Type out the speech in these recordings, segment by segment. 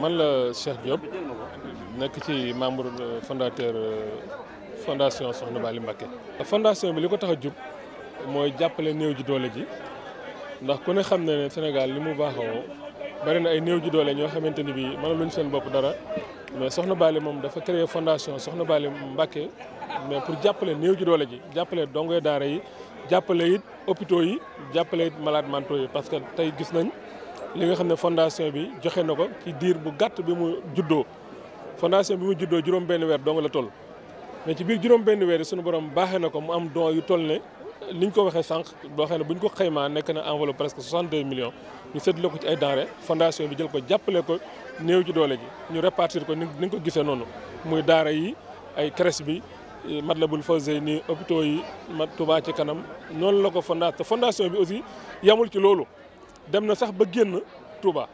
man la Cheikh Diop nekk ci membre fondateur euh, fondation Soxna Bally Mbacké. fondation bi li ko tax a jub mooy jàppale néew ji doole ji ndax ku ne xam na ne Sénégal li mu baaxoo bari na ay néew ji doole ñoo xamante ni bii mënaluñ seen bopp dara mais Soxna Bally moom dafa créer fondation Soxna Bally Mbacké mais pour jàppale néew ji doole ji jàppale dongoy daara yi jàppale it hôpitaux yi jàppale it malades mentaux yi parce que tey gis nañ. li nga xam ne fondation bi joxe na ko ci diir bu gàtt bi mu juddoo fondation bi mu juddoo juróom benn weer dong la toll mais ci biir juróom benn weer suñu borom baaxee na ko mu am don yu toll ne liñ ko waxee sànq boo xam ne buñ ko xaymaa nekk na enveloppe presque 62 millions ñu seetlu ko ci ay denrées fondation bi jël ko jàppale ko néew ci doole gi ñu répartir ko ni nga ko gisee noonu muy daara yi ay crèche bi Matlaboul Fawzeyni hôpitaux yi Touba ci kanam noonu la ko fondation fondation bi aussi yamul ci loolu dem na sax ba génn tubaa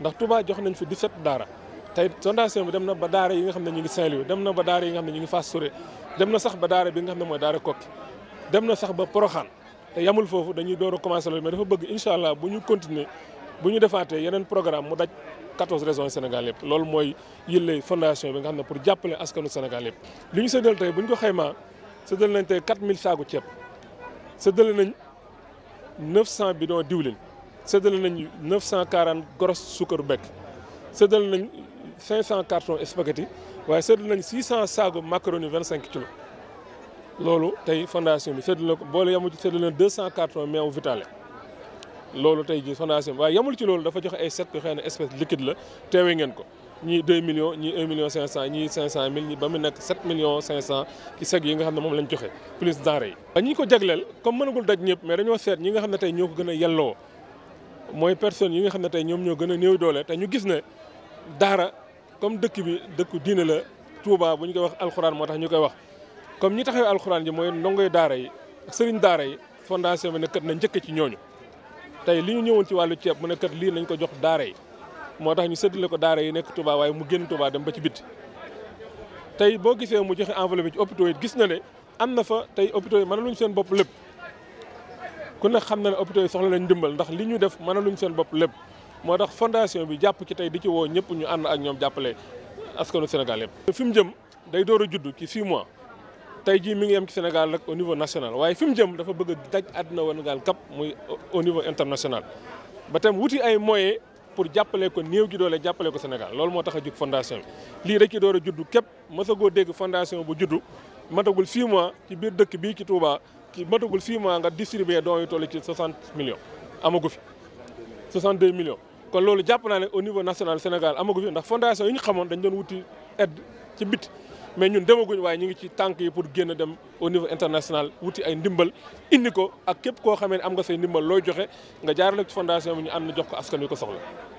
ndax Touba jox nañ fi 17 daara tey fondation bi dem na ba daara yi nga xam ne ñu ngi Saint-Louis dem na ba daara yi nga xam ne ñu ngi Fass Souré dem na sax ba daara bi nga xam ne mooy daara Kokki dem na sax ba Poroxaan te yamul foofu dañuy door a commencé loolu mais dafa bëgg incha allah bu ñu continuer bu ñu defaatee yeneen programme mu daj 14 régions Sénégal yëpp loolu mooy yële fondation bi nga xam ne pour jàppale askanu Sénégal yëpp. li ñu séddal tey bu ñu ko xaymaa séddal nañ tey 4000 saagu ceeb séddal nañ 900 bidons diwlin. séddale nañ 940 grosses sukkaru bekk séddale nañ 500 cartons spaghetti waaye séddale nañ 600 saago macaroni 25 kilos loolu tey fondation bi séddale ko boole yamul ci séddale na 200 cartons meew vitale loolu tey jii fondation bi waaye yamul ci loolu dafa joxe ay set yoo xam ne espèce liquide la teewee ngeen ko ñii 2 millions ñii 1 million 500 ñii 500 mille ñi ba mu nekk 7 millions 500 ci seg yi nga xam ne moom lañ joxe plus denrées yi. ñi ko jagleel comme mënagul daj ñëpp mais dañoo seet ñi nga xam ne tey ñoo ko gën a yelloo. mooy personnes yi nga xam ne tey ñoom ñoo gën a néew doole te ñu gis ne daara comme dëkk bi dëkku diine la Touba bu ñu koy wax alxuraan moo tax ñu koy wax. comme ñi taxawee alxuraan ji mooy ndongoy daara yi ak sëriñ daara yi fondation bi ne kat na njëkk ci ñooñu tey li ñu ñëwoon ci wàllu ceeb mu ne kat lii nañ ko jox daara yi moo tax ñu séddale ko daara yi nekk Touba waaye mu génn Touba dem ba ci bitti. tey boo gisee mu joxe enveloppe ci hôpitaux yi gis na ne am fa tey hôpitaux yi mënaluñ seen bopp lépp. ku ne xam na ne hôpitaux yi soxla nañ ndimbal ndax li ñu def mënaluñ seen bopp lépp moo tax fondation bi jàpp ci tey di ci woo ñëpp ñu ànd ak ñoom jàppale askanu Sénégal yëpp. fi mu jëm day door a judd ci 6 mois tey jii mi ngi yem ci Sénégal rek au niveau national waaye fi mu jëm dafa bëgg a daj àddina wangaal kap muy au niveau international ba tam wuti ay moyens pour jàppale ko néew gi doole jàppale ko Sénégal loolu moo tax a jug fondation bi lii rek ci door a judd képp mësagoo dégg fondation bu juddu matagul 6 mois ci biir dëkk bii ci Touba. ci matagul 6 mois nga distribué dons yu toll ci 60 millions amagu fi 62 millions kon loolu jàpp naa ne au niveau national Sénégal amagu fi ndax fondation yi ñu xamoon dañ doon wuti aide ci bit mais ñun demaguñ waaye ñu ngi ci tànk yi pour génn dem au niveau international wuti ay ndimbal indi ko ak képp koo xamee ne am nga say ndimbal looy joxe nga jaar jaarale ci fondation bi ñu ànd jox ko askan wi ko soxla